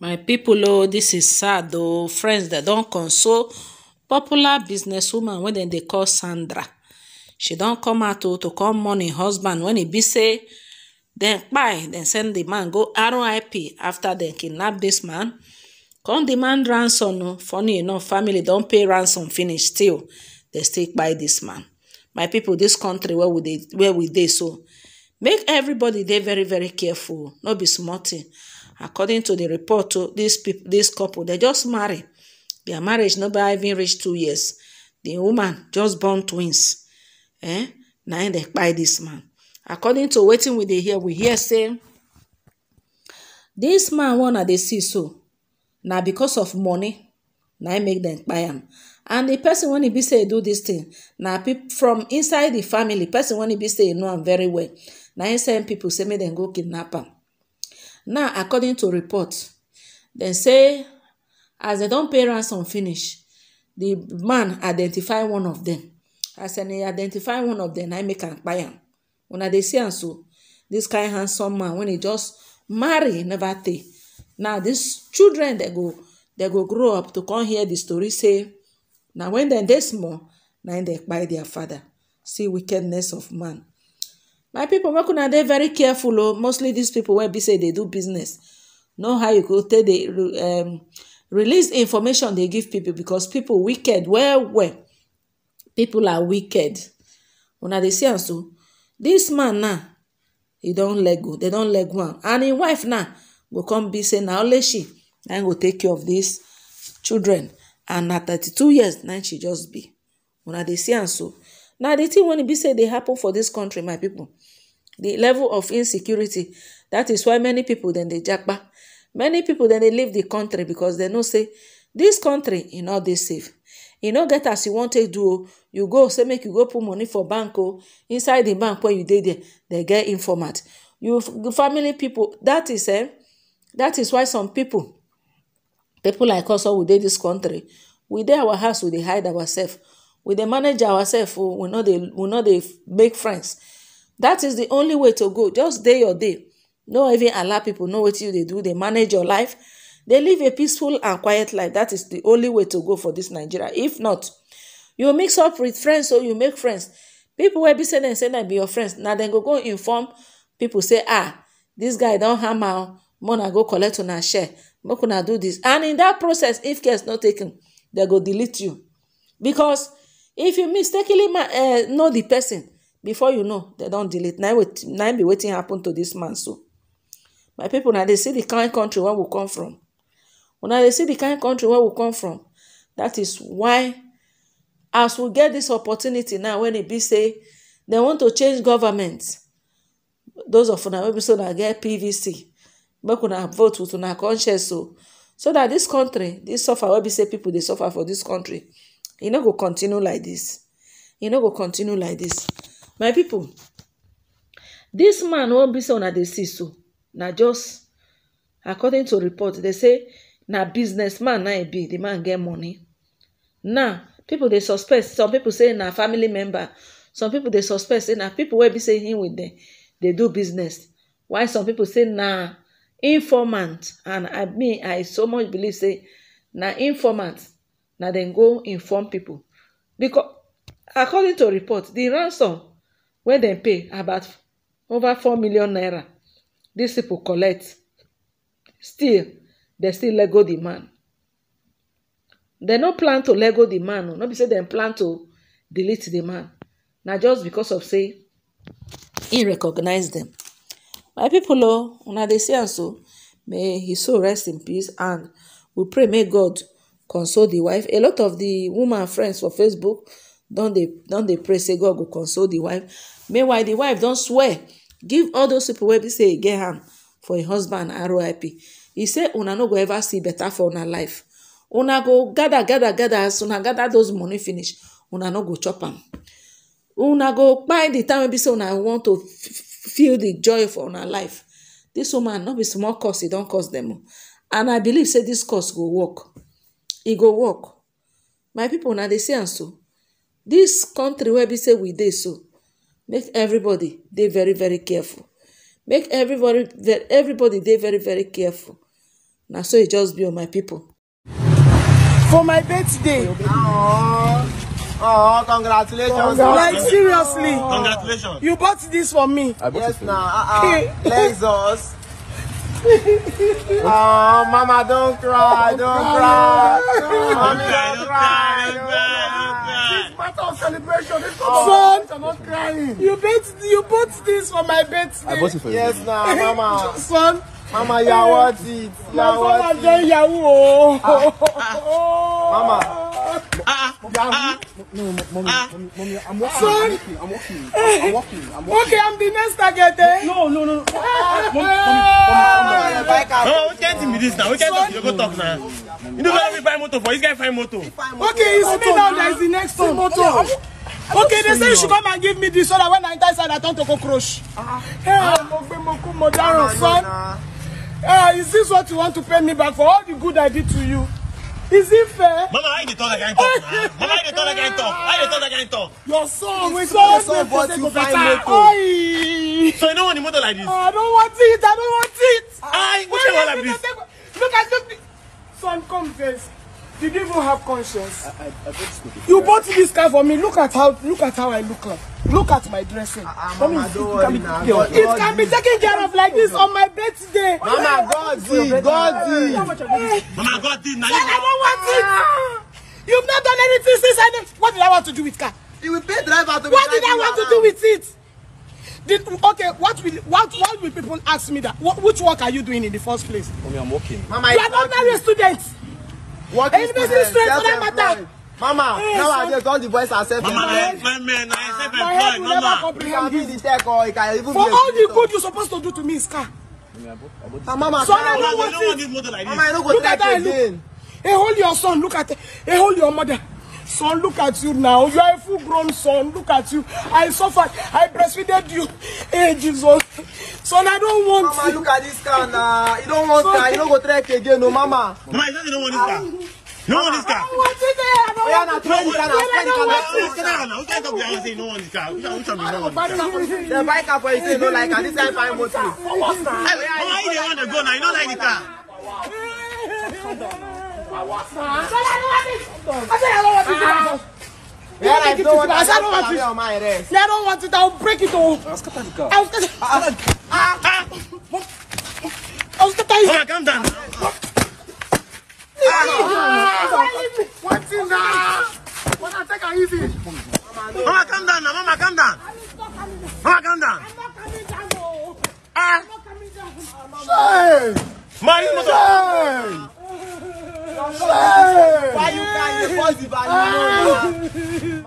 my people oh this is sad oh friends dem don console popular businesswoman wey dem dey call sandra she don come out oh to come mourn im husband When e be say dem kpai dem send di man go rip After dem kidnap dis man come demand ransom oh funny enough family don pay ransom finish still dem still kpai dis man my people dis country where we dey so make everybody dey very very careful no be small tin according to di report oh, to dis couple dem just marry their marriage no be even reach two years di woman just born twins eh na im dey kpai dis man according to wetin we dey hear we hear say. dis man one i dey see so na because of money na im make dem kpai am and di person wen e be say e do dis thing na from inside di family person wen e be say e know am very well na im send pipo say make dem go kidnap am. now according to report dem say as dem don pay ransom finish di man identify one of dem as dem identify one of dem na im make am kpai am una dey see am so dis kain handsome man wen e just marry never tey. now dis children dem go dey go grow up to come hear di story say na wen dem dey small na im dey kpai dia father see wickedness of man. my people, make una dey very careful o oh. mostly these people wey be say dey do business know how you go take dey um, release information dey give people because people wicked well well people are wicked una dey see am so This man now he don leg go They don leg one and im wife now go come be say na only she na go take care of these children and na two years na she just be una dey see am so Now, the thing when it be said they happen for this country, my people, the level of insecurity, that is why many people then they jackba. Many people then they leave the country because they know say, this country, you know, they safe. You know, get as you want to do, you go, say, make you go put money for bank, oh, inside the bank where you did there, they get informat. You family people, that is, eh, that is why some people, people like us all, we did this country, we did our house, we hide ourselves. we dey manage ourselves o we no dey we no dey make friends that is the only way to go just dey your day no even allow people know wetin you dey do dey manage your life dey live a peaceful and quiet life that is the only way to go for this nigeria if not you mix up with friends so you make friends people wey be say dem say na be your friends na dem go go inform people say ah this guy don harm am mona go collect una share make una do this and in that process if case is not taken dem go delete you because if you mistakenly ma er know di person before you know dem don delete na im be wetin happen to dis man so. my pipo na dey see di kind country wey we come from una dey see di kind country wey we come from dat is why as we get dis opportunity now wen e be say dem want to change government those of una wey be so na get pvc make una vote with una conscience oo so dat dis country dis suffer wey be say pipo dey suffer for dis country e no go continue like this. e no go continue like this. my people, this man won't be say una dey see so na just according to report they say na businessman na e be the man get money now people they suspect some people say na family member some people they suspect say na people will be say him with them. They do business Why some people say na informant and i mean i so much believe say na informant na dem go inform pipo because according to report di ransom wey dem pay about over four million naira dis pipo collect still dem still let go di man dem no plan to let go di man o no be say dem plan to delete di man na just because of say e recognize dem my pipo o una dey see am so may his soul rest in peace and we pray may god console di wife a lot of di woman friends for facebook don dey pray say god go console di wife meanwhile di wife don swear give all those pipo wey be say e get am for im husband r.o.i.p e say una no go ever see beta for una life una go gada gada gada as una gada those moni finish una no go chop am una go kpai di time wey be say una want to feel di joy for una life dis woman no be small cause e don cause dem and i believe say dis cause go work. e go work my people. na dey see am so this country wey be say we dey so make everybody dey very very careful make everybody everybody dey very very careful na so e just be on my people. for my birthday Oh, congratulations. Like, seriously. Congratulations. You bought this for me. I bought yes, it for now. Uh, uh, Lexus. oh, mama, don't cry, don't, cry. Don't Mommy, don't, cry, don't cry. It's matter of celebration. oh, son, I'm not crying. You bought, you bought this for my birthday. I bought it for you. Yes, now, mama. son. Mama, you're are worth it. you're are worth it. Ah. Mama, Ah, I'm walking. I'm walking. I'm walking. Okay, I'm the next target. Eh? No, no, no. Mommy, mommy, mommy. Oh, we can't see me this now. We can't talk. Go talk now. You know where we buy motor for? This guy find motor. Okay, it's me now. That is the next one. Motor. Okay, they say you should come and give me this so that when I enter inside, I turn to cockroach. Ah. Hey, mo gbé mo kú mo dáràn son. Ah, is this what you want to pay me back for all the good I did to you? Is it fair? Mama, I dey talk like I Mama, I dey talk like I talk. I dey talk like I Your song, we saw your son bought you five motor. So you don't want a motor like this? I don't want it. I don't want it. I, What you want like this? Look at look. Son, come first. Did you even have conscience? I, I, I you bought this car for me. Look at how look at how I look like. Look at my dressing. Uh, uh, Mama, don't worry now. God, it God, can be taken care of like this on my birthday. Mama, God, God, Mama, God, now you. I don't want it. Ah. You've not done anything since I. What did I want to do with car? You will pay driver to. What did I want to do with it? Did, okay, what will what what will people ask me that? What, which work are you doing in the first place? Mommy, I'm working. Mama, you are not married student. What is to them? Self-employed. Mama, hey, nowadays all the boys are self-employed. Mama, eh, my man, I ah, self-employed, Mama. You can be the tech or can even For all the good you're supposed to do to me is car. Ah, mama, son, I don't want it. Mama, I don't go look at that, again. Hey, hold your son, look at, hey, hold your mother. Son, look at you now. You are a full-grown son. Look at you. I suffered. I breastfeeded you. Hey, Jesus. Son, I don't want Mama, you. look at this car now. You don't want son, car. You don't go track again, no, Mama. Mama, you don't want this car. No one is car. The bike car for you say no like and this guy find motor. Why you want to go now? You don't like the car. Yeah, I don't want it. I don't want it. I don't want it. I'll break it all. I'll scatter the car. I'll scatter. Ah! Ah! I'll scatter it. Alright, calm down. What in I take her easy. Mama, calm down now. Mama, calm down. Mama, calm down. Ah. Shame. Man, you Shame. Shame. Why you can't force the value?